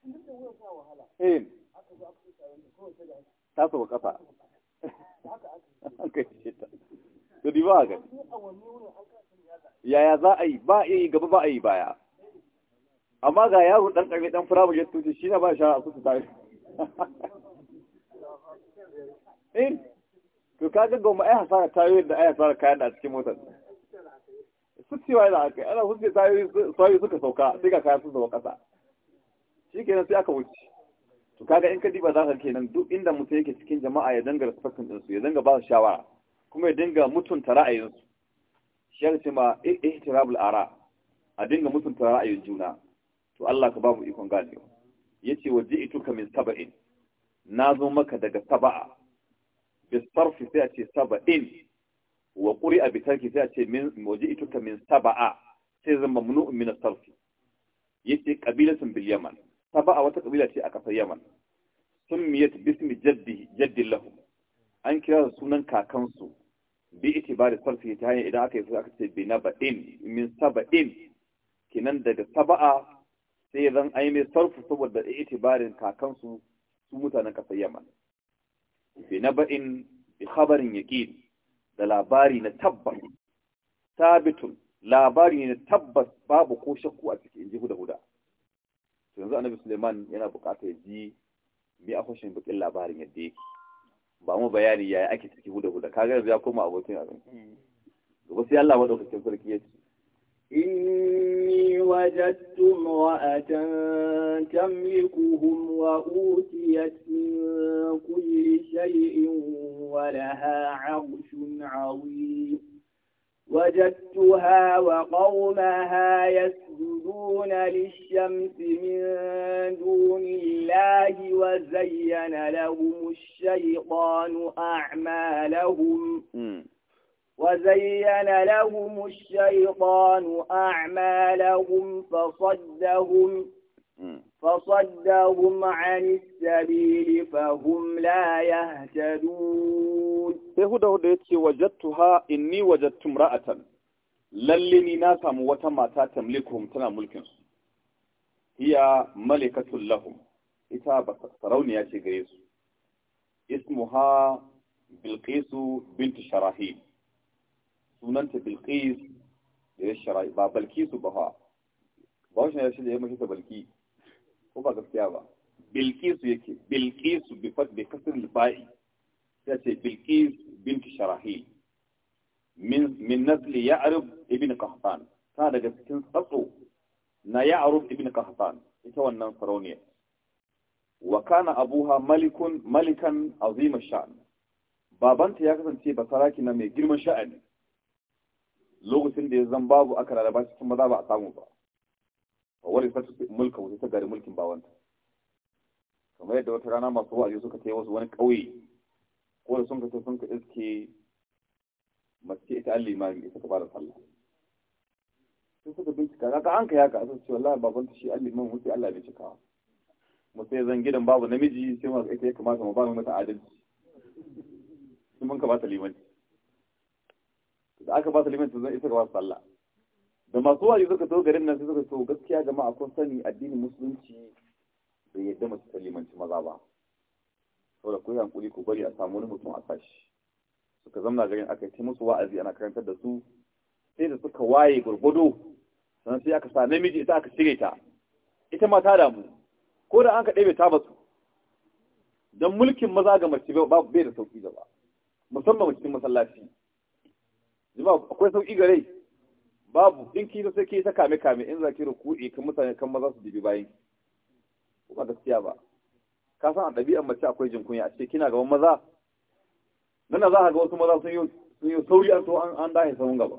ta saba kafa to di ba gani yaya za a yi ba a yi gaba ba a yi baya amma ga yaro ɗan karfi ɗan firamare ya tuce shi na ba sha a kusa tarihi in eh, to ka ga goma ai hasara ta yi da ai hasara kayan da a cikin motar su cewa da aka ana huske yi suka sauka sai ga kayan sun zama kasa shi kenan sai aka wuce to kaga in ka diba za ka kenan duk inda mutum yake cikin jama'a ya danga respectin ɗinsu ya danga ba su shawara kuma ya dinga mutunta ra'ayinsu shi ya ce ma ihtirabul ara a dinga mutunta ra'ayin juna to Allah ka ba mu ikon ganewa yace waje ituka min saba'in na zo maka daga saba'a bisarfi sai a ce saba'in wa ƙuri'a bitarki sai a ce waje ituka min saba'a sai zama mamnu'un min sarfi yace qabilatun bil yaman saba'a wata ƙabila ce a ƙasar yaman summiyat bismi jaddi jaddi lahu an kira sunan kakansu bi itibari sarfi ta hanyar idan aka yi aka ce bi na ba'in min saba'in kinan daga saba'a sai zan aimi sarfu saboda itibarin kakansu su mutanen ƙasar yamman fi na ba'in bi khabarin yaƙin da labari na tabbas sabitun labari na tabbas babu ko shakku a cikin ji huda huda yanzu annabi suleiman yana buƙatar ya ji bi a hushin bakin labarin yadda yake ba mu bayani yaya ake ciki huda huda kaga yanzu ya koma abokin a hmm. gaba sai Allah madaukakin sarki ya ce إني وجدت امرأة تملكهم وأوتيت من كل شيء ولها عرش عظيم وجدتها وقومها يسجدون للشمس من دون الله وزين لهم الشيطان أعمالهم م. وزين لهم الشيطان أعمالهم فصدهم فصدهم عن السبيل فهم لا يهتدون سيهود هود وجدتها إني وجدت امرأة للني ناسا وتماتا تملكهم تنا ملكهم هي ملكة لهم إتابة تروني يا شيخ اسمها بلقيس بنت شراهيم sunanta bilqis da ya shara ba balkisu ba ha ba wasu ya shi da ya mashi ta balki ko ba gaskiya ba bilkisu yake bilkisu bi fat bi kasr al-ba'i sai ce bilqis bint sharahil min min nasl ya'rub ibn qahtan ta daga cikin tsatso na ya'rub ibn qahtan ita wannan sarauniya wa kana abuha malikun malikan azima sha'an babanta ya kasance basaraki na mai girman sha'ani lokacin da ya zan babu aka rarraba cikin maza ba a samu ba wani ta mulka wuce ta gari mulkin bawanta kamar yadda wata rana masu wa'azi suka kai wasu wani ƙauye ko da sun ka sun ka iske mace ita an limami ita ka bada sallah sun suka bincika na ka an ka yaka a sun ce wallahi ta shi an limami wuce Allah bai cikawa mu sai zan gidan babu namiji sai masu ita ya kamata mu ba mu mata adalci sun mun ka ba ta limanci da aka ba su limin tuzon isa gaba sallah da masu wayo suka to garin nan sai suka so gaskiya jama'a kun sani addinin musulunci bai yadda mace ta limanci maza ba saboda ku hankuli ku bari a samu wani mutum a sashi suka zamna garin aka yi musu wa'azi ana karantar da su sai da suka waye gurgudu sannan sai aka sa namiji ita aka cire ta ita ma ta damu ko da an ka ɗebe ta basu don mulkin maza ga mace bai da sauki da ba musamman cikin masallaci zama akwai sauƙi gare babu in ki sai ke ta kame kame in zaki ruku'i kan mutane kan maza su dibi bayan ko ba gaskiya ba ka san a ɗabi'ar mace akwai jin kunya a ce kina gaban maza nan za ka ga wasu maza sun yi sun yi sauri an to an an dahe sahun gaba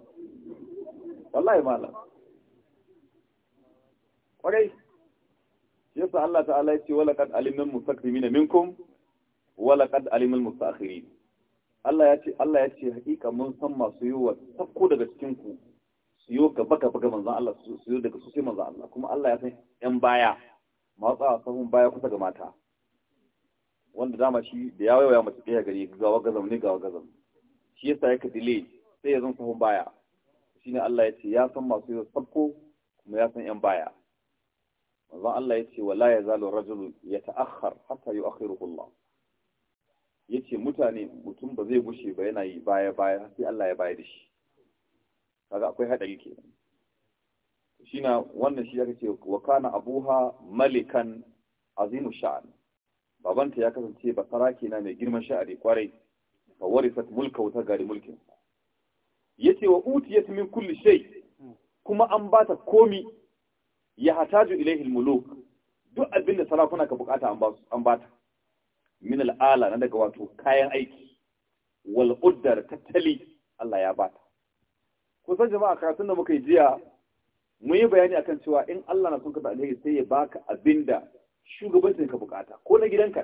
wallahi mala kwarai yasa Allah ta'ala ya ce wala kad alimin mustakrimina minkum wala kad alimin mustakhirin Allah ya ce Allah ya ce hakika mun san masu yi wa sako daga cikin ku su yi gaba gaba ga manzon Allah su yi daga su sai manzon Allah kuma Allah ya san yan baya matsa sabon baya kusa ga mata wanda dama shi da ya waiwaya mace ɗaya gari ga gazam ne ga gazam shi yasa yake delay sai ya zan sahun baya shine Allah ya ce ya san masu yi sako kuma ya san yan baya manzon Allah ya ce wala yazalu rajulu yata'akhkhar hatta yu'akhiruhu Allah ya ce mutane mutum ba zai gushe ba yana yi baya-baya sai Allah ya bayar da shi kaga akwai haɗari ke Shina wannan shi aka ce wa kana abuha malikan azimu sha'an babanta ya kasance ba sarake na mai girman sha'ari kwarai ka warisat mulka wata gari mulkin yace wa utiyat min kulli shay kuma an bata komi ya hataju ilaihi muluk duk abinda da sarakuna ka bukata an bata min al'ala na daga wato kayan aiki wal tattali Allah ya ba ta. kusan jama'a karatun da muka yi jiya mun yi bayani akan cewa in Allah na son ka da alheri sai ya baka abinda shugabancin ka bukata ko na gidanka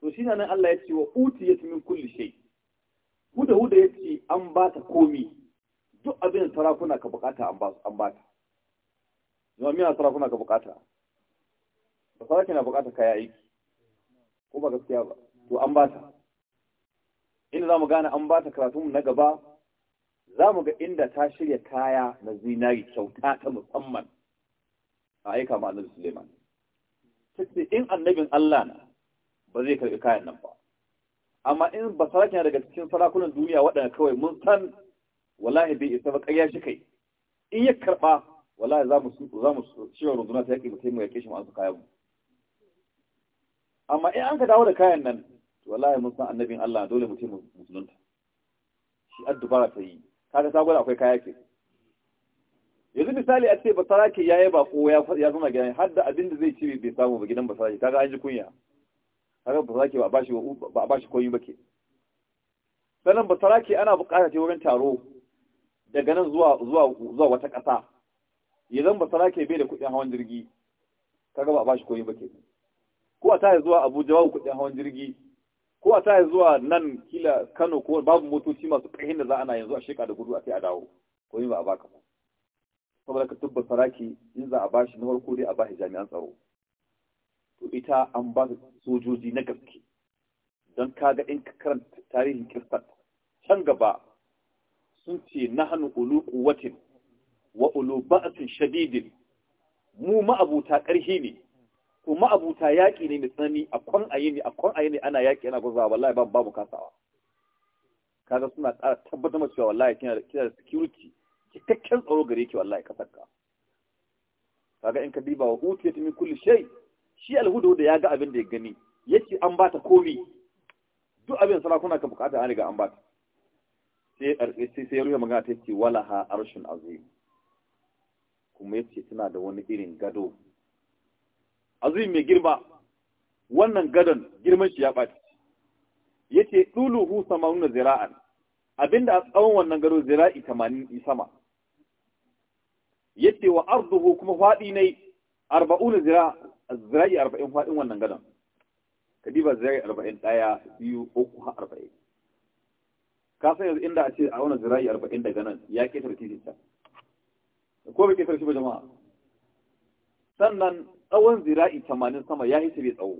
to shi nan Allah ya ce wa ya min kulli shai, huda huda ya ce an ba ta komi duk abin sarakuna ka bukata an ba ta. bata zuwa mina sarakuna ka bukata ba sarakuna bukata kaya aiki ko ba gaskiya ba to an ba ta inda za mu gane an ba ta karatu na gaba za mu ga inda ta shirya kaya na zinari kyauta ta musamman a aika ma annabi Suleiman sai in annabin Allah na ba zai karbi kayan nan ba amma in ba sarakin daga cikin sarakunan duniya waɗanda kawai mun san wallahi bai isa ba ƙarya shi kai in ya karɓa wallahi za mu za mu shirin runduna ta yaƙi mu taimaka yaƙe shi mu an su kayan mu amma in an ka dawo da kayan nan wallahi mun san annabin Allah dole mu mutum musulunta shi addubara ta yi kaga sabon akwai kaya ke yanzu misali a ce basara ke yaye ba ko ya zama gidan har da abin da zai ci bai samu ba gidan basara kaga an ji kunya kaga basara ke ba a ba bashi koyi ba ke sannan basara ke ana bukata ce wurin taro daga nan zuwa zuwa zuwa wata kasa yanzu basara ke bai da kuɗin hawan jirgi kaga ba bashi koyi ba ke ko a taya zuwa abuja babu kuɗin hawan jirgi ko a taya zuwa nan kila kano ko babu motoci masu ƙarfin da za a na yanzu a sheka da gudu a sai a dawo ko ba a baka ba saboda ka tubba saraki in za a bashi na farko dai a bashi jami'an tsaro to ita an ba su sojoji na gaske don kaga in ka karanta tarihin kirsat can gaba sun ce na hannu ulu kuwatin wa ulu ba'atin shadidin mu ma'abuta ƙarhi ne to ma'abuta yaƙi ne mai tsanani a kwan a ne a kwan a ne ana yaƙi ana gwazawa wallahi ba babu kasawa kaga suna ƙara tabbatar cewa wallahi kina da kina da security cikakken tsaro gare ki wallahi kasar ka kaga in ka diba wa hutu ya tumi kulli shay shi alhudu da ya ga abin da ya gani yace an bata komi duk abin sarakuna ka bukata an riga an bata sai sai sai ruwa magana ta ce walaha arshun azim kuma yace tana da wani irin gado azumi mai girma wannan gadon girman shi ya ɓaci yace sama samanuna zira'an abinda a tsawon wannan gado zira'i 80 sama ce, wa arduhu kuma faɗi ne 40 zira zira'i arba'in faɗin wannan gadon kadiba zira'i arba'in ɗaya biyu uku har arba'in. ka san yanzu inda a ce a wannan zira'i arba'in daga nan ya ketare titin ta ko bai ketare shi ba jama'a sannan tsawon zira'i tamanin sama ya isa bai tsawo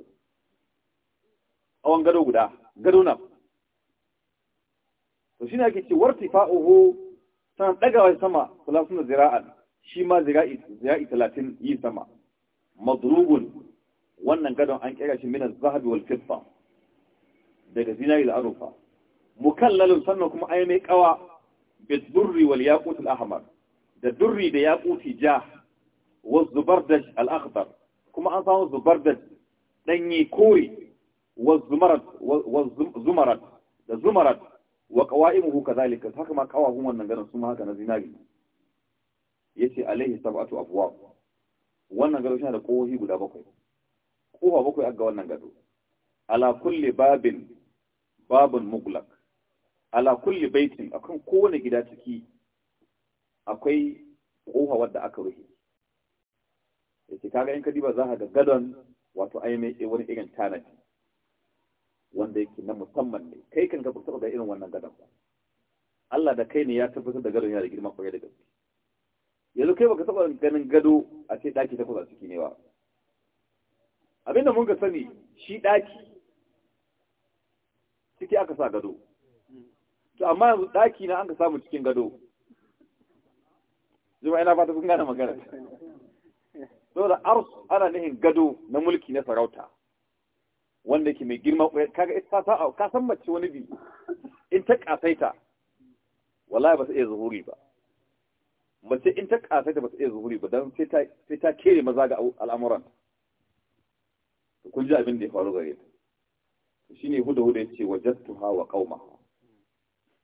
tsawon gado guda gado na to shi ne ake ce warti fa'uhu tana ɗagawa sama kula suna zira'an shi ma zira'i talatin yi sama madrugun wannan gadon an kira shi minan zahabi wal fitfa daga zinari da arufa mukallalun sannan kuma ai mai kawa bit durri wal yaqut al ahmar da durri da yaquti ja wa da al akhdar kuma an samu zubar da danye kore zumarat da zumarat wa qawaimuhu kadhalika haka ma kawahun wannan garin su ma haka na zinari yace alaihi sab'atu abwab wannan gado yana da kohohi guda bakwai kofa bakwai aga wannan gado ala kulli babin babun muglak ala kulli baitin akan kowane gida ciki akwai kofa wadda aka rufe ya ce kaga in ka diba za ka ga gadon wato ainihin wani irin tanadi wanda yake na musamman ne kai kan ka taɓa da irin wannan gadon ba Allah da kai ne ya tabbatar da gadon yana da girma kwarai da gaske yanzu kai baka taɓa ganin gado a ce ɗaki ta a ciki ne ba da mun ga sani shi ɗaki ciki aka sa gado to amma yanzu daki na an ka samu cikin gado zuma ina fata kun gane magana saboda ars ana nihin gado na mulki na sarauta wanda ke mai girma kaga ita ta ka san mace wani bi in ta kasaita wallahi ba su iya zuhuri ba mace in ta kasaita ba su iya zuhuri ba dan sai ta sai ta kere maza ga al'amuran kun ji abin da ya faru gare ta shine huda huda yace wajadtuha wa qaumaha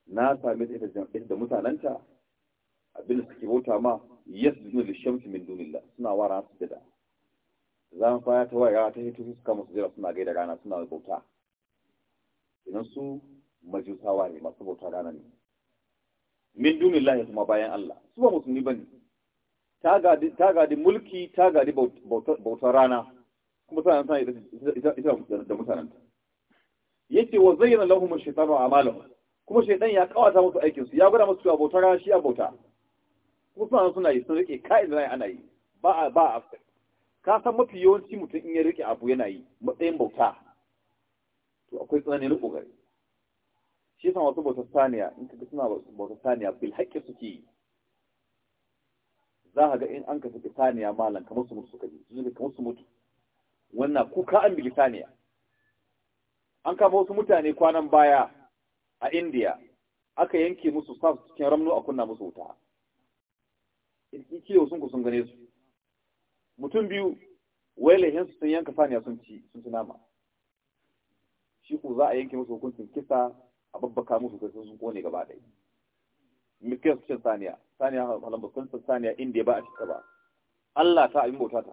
na same ta da mutananta abin da suke bauta ma da shamsi min dunillah suna wa jada. sujada zan fara ta waya ta hito suka masu jira suna gaida rana suna bauta idan su majusawa ne masu bauta rana ne min ya kuma bayan Allah su ba musulmi bane ta gadi ta gadi mulki ta gadi bautar rana kuma sanan sai ita da mutanen ta yace wa zayyana lahum ash-shaytanu a'malahum kuma shaytan ya kawata musu aikin su ya gura musu cewa bautar rana shi a bauta Kuma suna yi sun rike ka'in da ana yi ba a ba a ka san mafi yawanci mutum in ya rike abu yana yi matsayin bauta to akwai tsananin kokari shi san wasu bautar saniya in kaga suna bautar saniya bil haƙƙi suke yi za ka ga in an ka saki saniya malam kamar su mutu suka yi su kamar su mutu wannan kuka an bigi saniya an kama wasu mutane kwanan baya a indiya aka yanke musu sa cikin ramno a kunna musu wuta kilo sun ku sun gane su mutum biyu wai lahin sun yanka saniya sun ci sun ci nama shi ku za a yanke musu hukuncin kisa a babbaka musu sai sun kone gaba ɗaya mikiya su cin saniya saniya halan ba sun saniya inda ba a cika ba Allah ta abin bauta ta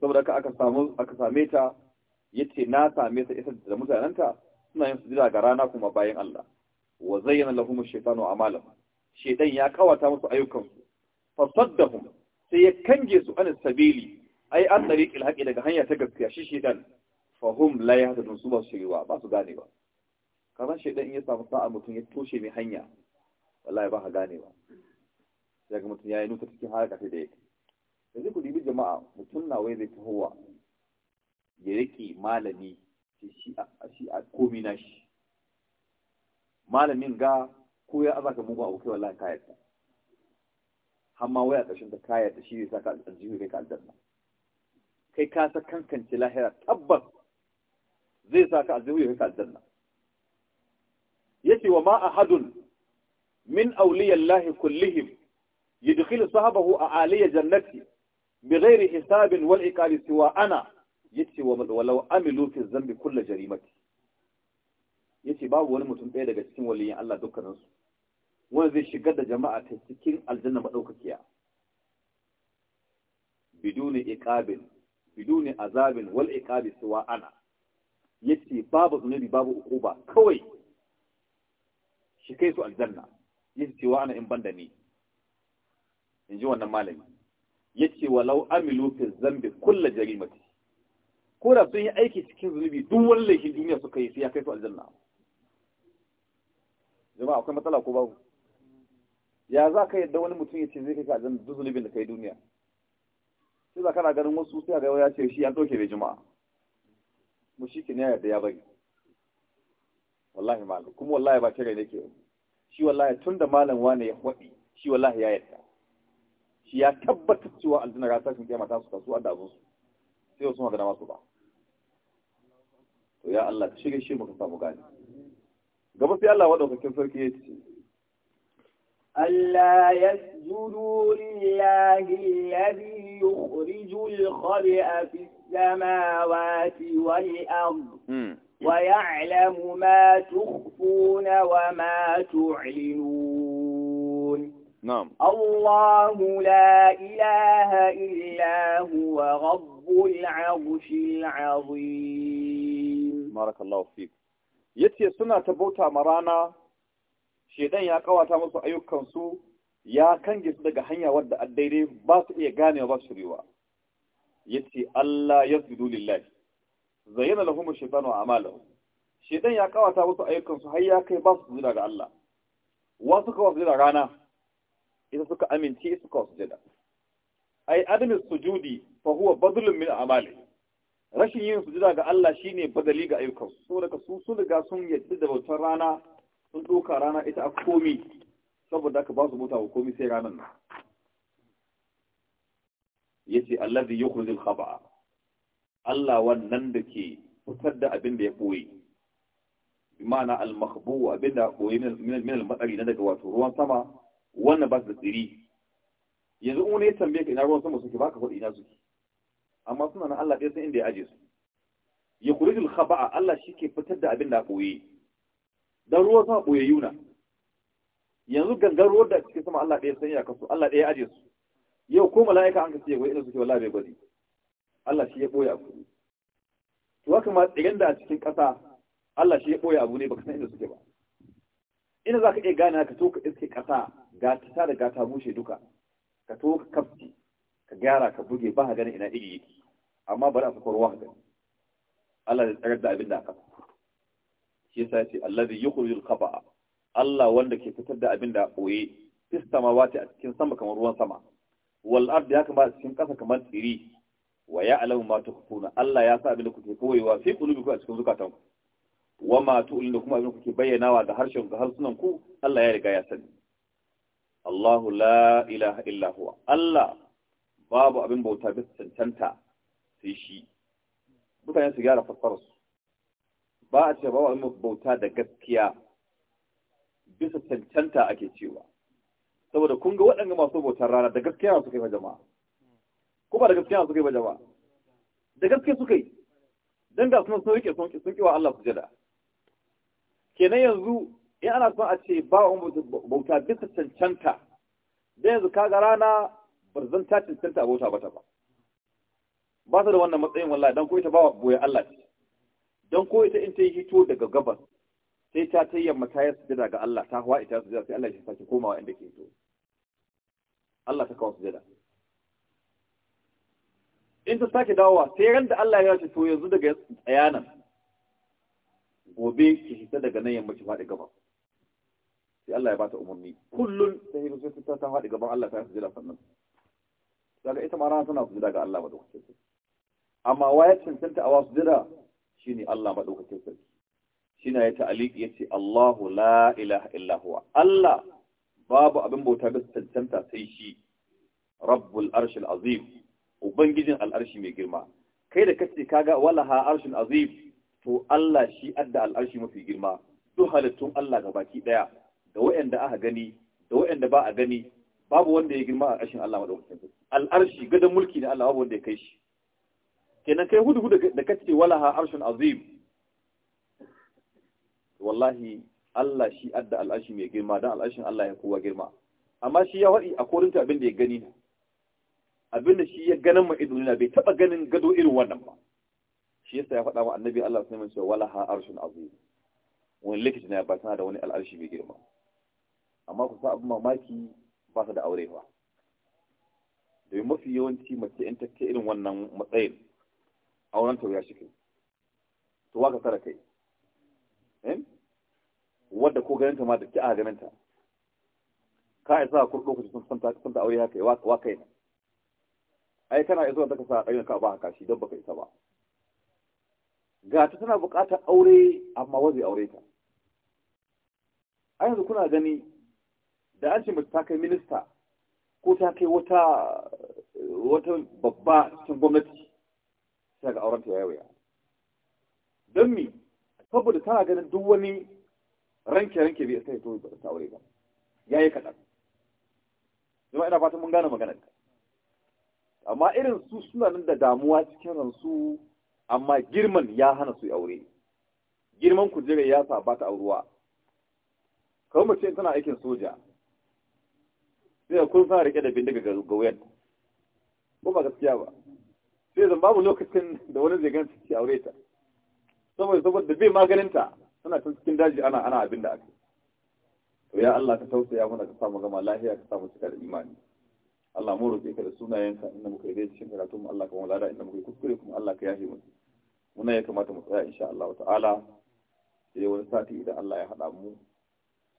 saboda haka aka samu aka same ta yace na same ta isa da mutanenta suna yin sujada ga rana kuma bayan Allah wa zayyana lahumu ash-shaytanu malama? shedan ya kawata musu ayyukansu fasaddahum sai ya kange su an sabili ai an tariqil haqi daga hanya ta gaskiya shi shedan fahum la yahtadun su ba su shiriwa ba su gane ba kaza shedan in ya samu sa'a mutum ya toshe mai hanya wallahi ba ha gane ba sai ga mutum yayi nuka cikin haraka ta da yake yanzu ku dibi jama'a mutum na wai zai tahowa ya rike malami shi a komi na shi malamin ga ko ya azaka mu ba abokai wallahi ka yadda amma waya ƙarshen ta ka yadda shi ne saka aljihu kai ka aljanna kai ka ta kankance lahira tabbas zai saka aljihu kai ka aljanna yace wa ma ahadun min awliyallahi kullihim yudkhilu sahabahu a'aliya jannati بغير حساب والعقاب سوى أنا wa ولو عملوا في الذنب كل جريمتي yace babu wani mutum ɗaya daga cikin waliyin Allah dukkanin su wanda zai shigar da jama'a ta cikin aljanna madaukakiya biduni iqabil biduni azabin wal iqabi suwa ana yace babu zunubi babu ukuba kawai shi kai su aljanna yace cewa ana in banda ni in ji wannan malami yace walau amilu fi zambi kullu jarimati ko da sun yi aiki cikin zunubi duk wani laifin duniya suka yi sai ya kai su aljanna jama'a akwai matsala ko babu ya za ka yadda wani mutum ya ce zai kai ka aljanna da kai duniya sai za kana ganin wasu sai ga ya ce shi an ɗauke bai jama'a mu shi kin yadda ya bari wallahi malam kuma wallahi ba ne ke. shi wallahi tunda malam wane ya hwadi shi wallahi ya yadda shi ya tabbatar cewa aljanna ga tashin kai ta su kasu da abun su sai wasu magana masu ba to ya Allah ka shige shi muka samu gani قبل في Allah madaukakin sarki ya ce ألا يسجدوا لله الذي يخرج الخبئ في السماوات والأرض ويعلم ما تخفون وما تعلنون نعم الله لا إله إلا هو رب العرش العظيم بارك الله فيك ya ce suna ta bauta ma rana shedan ya kawata musu ayyukansu ya kange su daga hanya wadda addaire ba su iya gane ba shirewa ya ce Allah ya zidu lillahi zayyana lahumu shaitanu a amalahu shedan ya kawata musu ayyukansu har ya kai ba su zuda ga Allah wasu kawo su jira rana ita suka amince suka wasu jira ai adamin sujudi fa huwa badlun min amalihi rashin yin sujuda ga Allah shine badali ga ayyukan saboda su sun riga sun yadda da bautar rana sun doka rana ita a komi saboda aka ba su mota wa komi sai ranar nan yace allazi yukhrijul khaba'a Allah wannan da ke fitar da abin da ya boye bi ma'ana al mahbu abin da boye min al-matsari na daga wato ruwan sama wannan ba su da tsiri yanzu in wani ya tambaye ka ina ruwan sama suke baka faɗi ina suke amma suna nan Allah ɗaya sun inda ya aje su ya kuri jil khaba'a Allah shi ke fitar da abin da ɓoye don ruwa sama ɓoye yuna yanzu gangan ruwan da suke sama Allah ɗaya sun ya kasu Allah ɗaya aje su yau ko mala'ika an kasu yawai gwai inda suke wala bai gwaji? Allah shi ya ɓoye abu ne to haka ma tsirin da a cikin ƙasa Allah shi ya ɓoye abu ne baka san inda suke ba ina za ka iya gane ka to ka iske ƙasa ga ta da gata bushe duka ka to ka kafci ka gyara ka buge ba ka ganin ina iri yake amma bari a sako ruwa ka gani Allah zai tsagar da abin da aka shi yasa ya ce allazi yukhrijul khaba'a Allah wanda ke fitar da abin da boye ma samawati a cikin sama kamar ruwan sama wal ardi ya kamata cikin ƙasa kamar tsiri wa ya alamu ma tukhfuna Allah ya sa abin da kuke koyewa fi qulubikum a cikin zukatanku wa ma da kuma abin da kuke bayyanawa da harshen ga harsunan ku Allah ya riga ya sani Allahu la ilaha illa huwa Allah babu abin bauta bisa cancanta sai shi mutane su gyara fassararsu ba a ce babu abin bauta da gaskiya bisa cancanta ake cewa saboda kun ga waɗanda masu bautar rana da gaskiya masu kai majama jama'a ko ba da gaskiya masu kai majama jama'a da gaskiya suka yi dan da sun sauke sun sun kiwa Allah jada kenan yanzu in ana son a ce ba bauta bisa cancanta da yanzu kaga rana ba zan ta cancanta abota bata ba ba su da wannan matsayin wallahi don ko ita ba boye Allah ce don ko ita in ta yi hito daga gabas sai ta ta yamma ta yi ga Allah ta hawa ita sujada sai Allah ya sake komawa inda ke hito Allah ta kawo sujada in ta sake dawowa sai ran da Allah ya ce to yanzu daga tsayanan gobe ki hita daga nan yamma ki faɗi gaba sai Allah ya bata umarni kullun sai ta ta faɗi gaban Allah ta sujada sannan daga ita ma rana tana sujada ga Allah madaukakin sarki amma waya cancanta a wasu jira ne Allah madaukakin sarki na ya ta'aliki yace Allahu la ilaha illa Allah babu abin bauta da cancanta sai shi rabbul arshil azim ubangijin al'arshi mai girma kai da kace kaga walaha arshil azim to Allah shi adda al'arshi mafi girma duk halittun Allah ga baki ɗaya. da waɗanda aka gani da wayanda ba a gani babu wanda ya girma a ƙarshen Allah madaukakin sarki al'arshi gadon mulki ne Allah babu wanda ya kai shi kenan kai hudu hudu da kace walaha arshun azim wallahi Allah shi adda al'arshi mai girma dan al'arshin Allah ya kowa girma amma shi ya wadi a korinta abin da ya gani ne abin da shi ya ganin ma ido bai taba ganin gado irin wannan ba shi yasa ya faɗa wa annabi Allah sallallahu alaihi wasallam cewa walaha arshun azim wani likita ne ba tana da wani al'arshi mai girma amma ku sa abin mamaki ba su da aure ba domin mafi yawanci mace in ta ke irin wannan matsayin auren ta ya shi kai to waka tsara kai wadda ko ganin ta ma da ke a ganin ta ka isa a kurɗo kusa sun ta aure haka wa kai ne ai kana isa da ka sa ɗayan ka ba haka shi don baka isa ba ga ta tana buƙatar aure amma wazi aure ta ai yanzu kuna gani da an ce mace ta kai minista ko ta kai wata wata babba cikin gwamnati sai ga auren ta ya don mi saboda tana ganin duk wani ranke ranke bai sai to ta aure ba yayi kada kuma ina fatan mun gane maganar ka amma irin su suna nan da damuwa cikin ransu amma girman ya hana su aure girman kujera ya sa ba ta auruwa kawai mace tana aikin soja sai kun fara rike da bindiga ga wuyan ko ba gaskiya ba sai zan babu lokacin da wani zai gan ci aure ta saboda saboda bai ta tana tun cikin daji ana ana abin da ake to ya Allah ka tausaya mana ka samu gama lafiya ka samu cika da imani Allah mu roƙe ka da sunayenka inda muka yi cikin karatu mu Allah ka mu lada inda muka yi kuskure kuma Allah ka yafe mu muna ya kamata mu tsaya insha Allah ta'ala sai wani sati idan Allah ya hada mu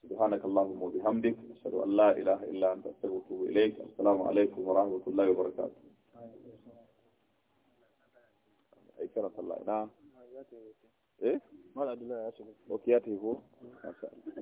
سبحانك اللهم وبحمدك أشهد أن لا إله إلا أنت أستغفرك إليك السلام عليكم ورحمة الله وبركاته أي كرة الله نعم إيه ما عبد الله يا شيخ وكياته هو ما شاء الله